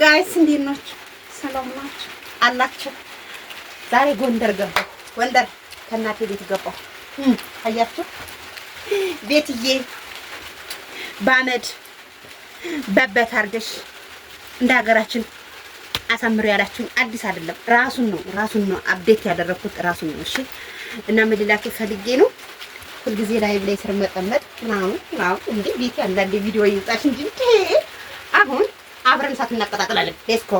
ጋይስ እንዴት ናችሁ? ሰላም ናችሁ አላችሁ? ዛሬ ጎንደር ገባሁ። ጎንደር ከእናቴ ቤት ገባሁ። አያችሁ ቤትዬ ባመድ በበት አድርገሽ እንደ ሀገራችን አሳምሮ ያላችሁን አዲስ አይደለም። ራሱን ነው ራሱን ነው አብዴት ያደረኩት ራሱን ነው። እሺ እና ምን ፈልጌ ነው ሁልጊዜ ላይቭ ላይ ስር መጠመጥ ምናምን ምናምን እንዴ ቤት አንዳንዴ ቪዲዮ ይውጣሽ እንጂ አብረን እሳት እናቀጣጥላለን። ሌስኮ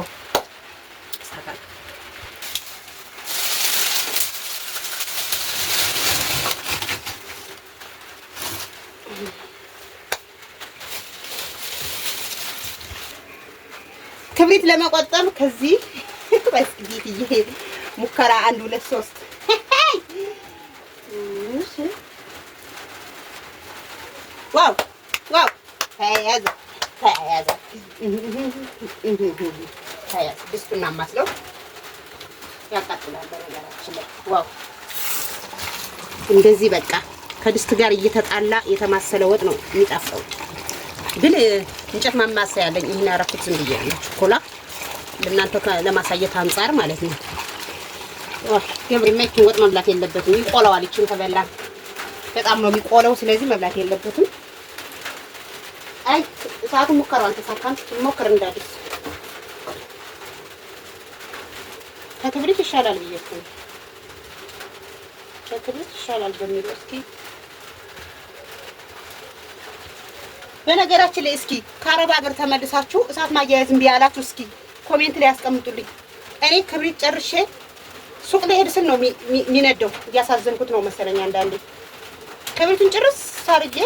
ክብሪት ለመቆጠብ ከዚህ በስጊት ሙከራ አንድ ሁለት ሶስት ዋው ዋው ተያዘ ተያዘ ድስቱና ማስለው ያቃጥላል። በነገራችን ላይ ዋው! እንደዚህ በቃ ከድስት ጋር እየተጣላ የተማሰለ ወጥ ነው የሚጣፍጠው። ግን እንጨት ማማሰያ ያለኝ ይህን ያረኩት ዝም ብዬ ነው ችኮላ ለእናንተ ለማሳየት አንጻር ማለት ነው። ገብሪማ ይችን ወጥ መብላት የለበትም ይቆለዋል። ይችን ከበላ በጣም ነው የሚቆለው። ስለዚህ መብላት የለበትም። አይ ሰዓቱ ሙከራው አልተሳካም። ሞክር እንዳዲስ ከክብሪት ይሻላል ብዬ እኮ ከክብሪት ይሻላል በሚለው እስኪ በነገራችን ላይ እስኪ ከአረብ ሀገር ተመልሳችሁ እሳት ማያያዝ እምቢ እስኪ ኮሜንት ላይ ያስቀምጡልኝ። እኔ ክብሪት ጨርሼ ሱቅ ልሄድ ስል ነው የሚነደው። እያሳዘንኩት ነው መሰለኝ አንዳንዴ ክብሪቱን ጭርስ አድርጌ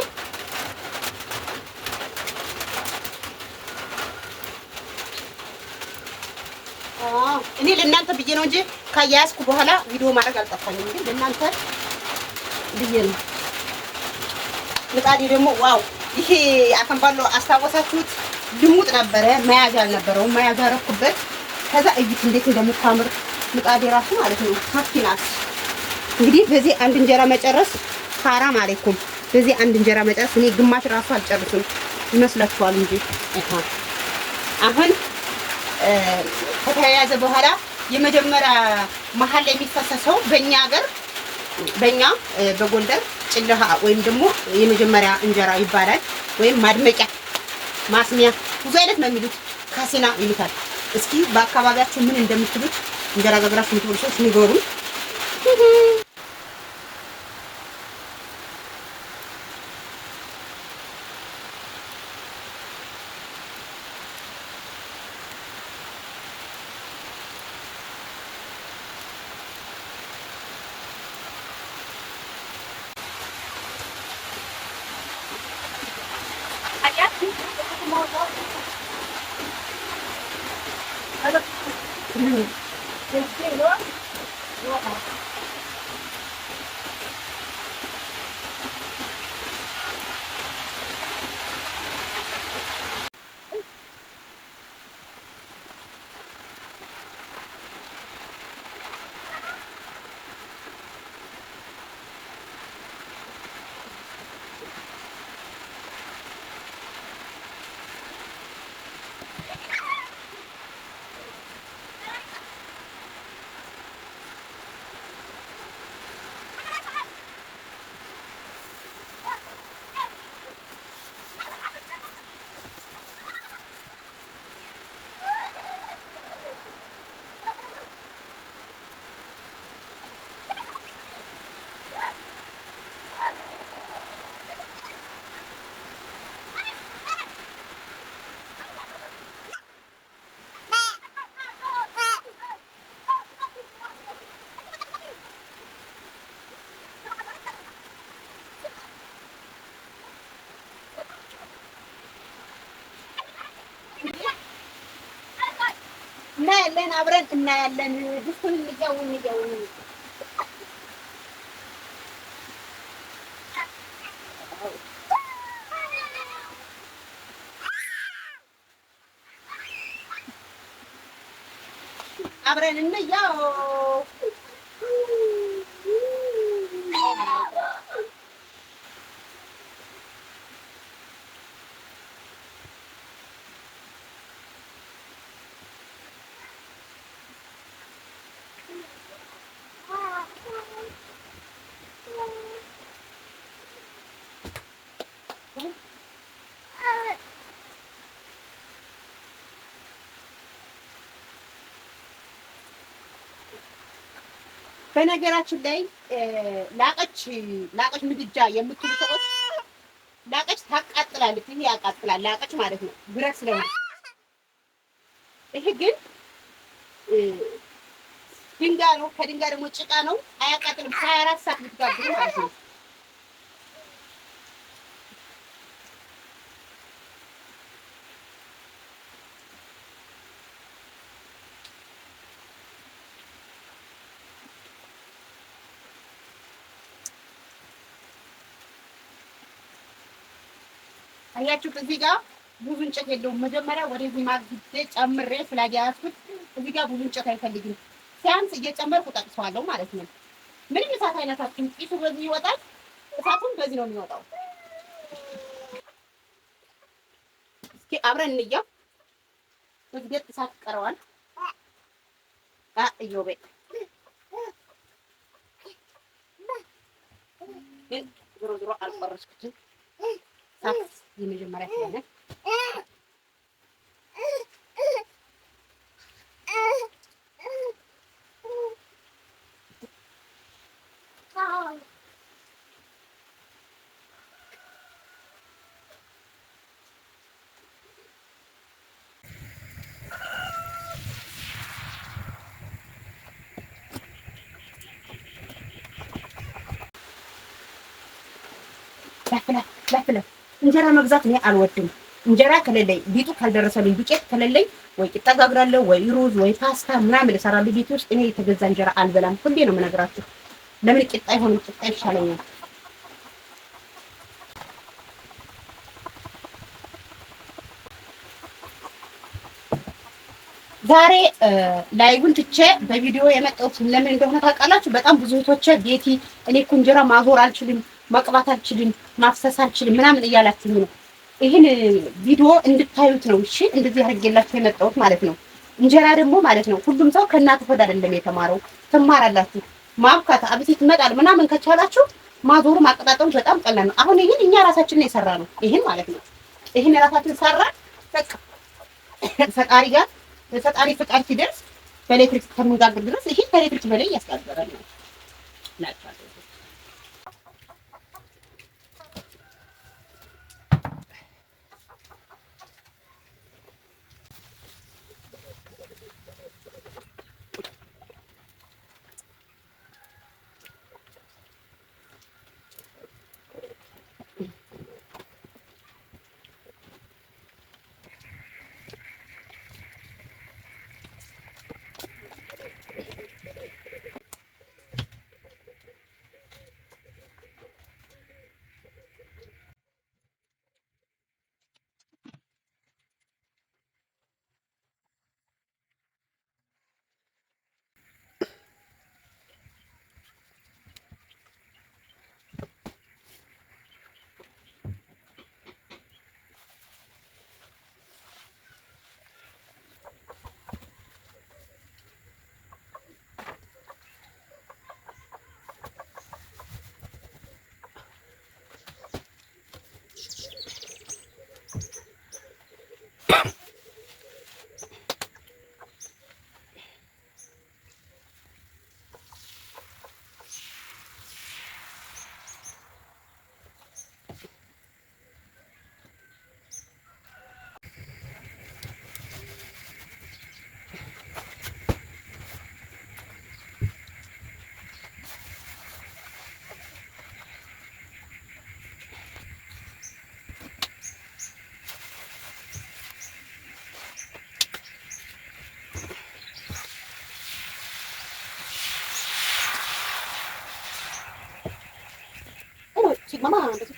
እኔ ለእናንተ ብዬ ነው እንጂ ከያያዝኩ በኋላ ቪዲዮ ማድረግ አልጠፋኝም። ግን ለእናንተ ብዬ ነው። ምጣዴ ደግሞ ዋው! ይሄ አከምባሎ አስታወሳችሁት? ልሙጥ ነበረ፣ መያዣ አልነበረውም። መያዣ አደረኩበት። ከዛ እዩት እንዴት እንደምታምር ምጣዴ ራሱ ማለት ነው። ሰፊ ናት። እንግዲህ በዚህ አንድ እንጀራ መጨረስ ሐራም አለይኩም። በዚህ አንድ እንጀራ መጨረስ እኔ ግማሽ ራሱ አልጨርስም ይመስላችኋል እንጂ አሁን ከተያያዘ በኋላ የመጀመሪያ መሀል ላይ የሚፈሰሰው በእኛ ሀገር በእኛ በጎንደር ጭልሃ ወይም ደግሞ የመጀመሪያ እንጀራ ይባላል። ወይም ማድመቂያ፣ ማስሚያ ብዙ አይነት ነው የሚሉት። ካሲና ይሉታል። እስኪ በአካባቢያችሁ ምን እንደምትሉት እንጀራ ጋግራችሁ የምትወዱ ሰዎች ንገሩን። 가자. 음. ያለን አብረን እናያለን። ድስቱን እንየውን እንየውን አብረን እንየው በነገራችን ላይ ላቀች ላቀች ምድጃ የምትሉ ሰዎች ላቀች ታቃጥላለች። ይሄ ያቃጥላል ላቀች ማለት ነው፣ ብረት ስለሆነ። ይሄ ግን ድንጋይ ነው። ከድንጋይ ደግሞ ጭቃ ነው፣ አያቃጥልም። ሀያ አራት ሰዓት ምትጋግሩ ማለት ነው። አያችሁት? እዚህ ጋር ብዙ እንጨት የለውም። መጀመሪያ ወደዚህ ማግዴ ጨምሬ ያስኩት። እዚህ ጋር ብዙ እንጨት አይፈልግም። ሲያንስ እየጨመርኩ ጠቅሰዋለሁ ማለት ነው። ምንም እሳት አይነታችን ጢሱ በዚህ ይወጣል፣ እሳቱም በዚህ ነው የሚወጣው። እስኪ አብረን እንየው። እዝጌጥ እሳት ቀረዋል። እዮቤ ግን ዞሮ ዞሮ አልቆረስኩትም የመጀመሪያ ስለሆነ ለፍለፍ ለፍለፍ እንጀራ መግዛት እኔ አልወድም። እንጀራ ከሌለኝ ቢጡ ካልደረሰልኝ ዱቄት ከሌለኝ ወይ ቂጣ ጋግራለሁ ወይ ሩዝ ወይ ፓስታ ምናምን እሰራለሁ ቤት ውስጥ። እኔ የተገዛ እንጀራ አልበላም። ሁሌ ነው የምነግራችሁ። ለምን ቂጣ ይሆንም ቂጣ ይሻለኛል። ዛሬ ላይቡን ትቼ በቪዲዮ የመጣሁት ለምን እንደሆነ ታውቃላችሁ? በጣም ብዙ እህቶቼ ቤቲ እኔ እኮ እንጀራ ማዞር አልችልም ማቅባት አልችልም፣ ማፍሰስ አልችልም ምናምን እያላችሁ ነው። ይህን ቪዲዮ እንድታዩት ነው። እሺ እንደዚህ አድርጌላችሁ የመጣሁት ማለት ነው። እንጀራ ደግሞ ማለት ነው ሁሉም ሰው ከእናት ሆድ አይደለም የተማረው። ትማራላችሁ። ማብካት አብሲት ይመጣል ምናምን ከቻላችሁ ማዞሩ ማቀጣጠሉ በጣም ቀላል ነው። አሁን ይህን እኛ ራሳችን ነው የሰራ ነው። ይህን ማለት ነው ይህን ራሳችን ሰራ። ፈጣሪ ጋር ፈጣሪ ፍቃድ ሲደርስ በኤሌክትሪክ ከምንጋግር ድረስ ይሄ ከኤሌክትሪክ በላይ ያስጋግራል ነው ናቸው mamando.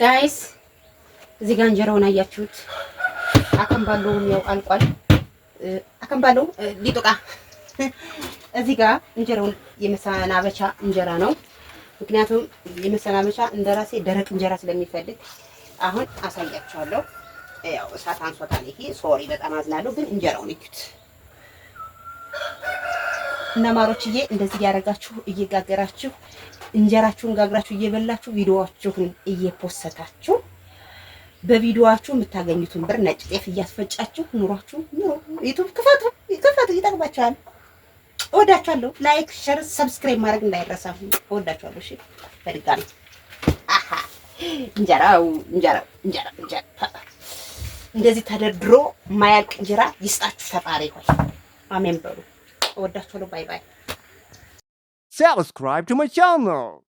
ጋይስ እዚህ ጋር እንጀራውን አያችሁት። አከምባለውም ያው አልቋል። አከምባለው ሊጡቃ እዚህ ጋር እንጀራውን የመሰናበቻ እንጀራ ነው። ምክንያቱም የመሰናበቻ እንደራሴ ደረቅ እንጀራ ስለሚፈልግ አሁን አሳያችኋለሁ። ያው እሳት አንሶታል። ይሄ ሶሪ፣ በጣም አዝናለሁ። ግን እንጀራውን እዩት። እና ማሮችዬ እንደዚህ ያደረጋችሁ እየጋገራችሁ እንጀራችሁን ጋግራችሁ እየበላችሁ ቪዲዮዋችሁን እየፖሰታችሁ በቪዲዮዋችሁ የምታገኙትን ብር ነጭ ጤፍ እያስፈጫችሁ ኑሯችሁ ኑሮ። ዩቱብ ክፈቱ፣ ክፈቱ፣ ይጠቅማችኋል። እወዳችኋለሁ። ላይክ፣ ሸር፣ ሰብስክራይብ ማድረግ እንዳይረሳ። እወዳችኋለሁ። እሺ፣ በድጋሚ እንጀራው እንጀራው እንጀራ እንጀራ እንደዚህ ተደርድሮ ማያልቅ እንጀራ ይስጣችሁ ፈጣሪ ሆይ አሜን በሉ። ወዳችኋለሁ። ባይ ባይ። Subscribe to my channel.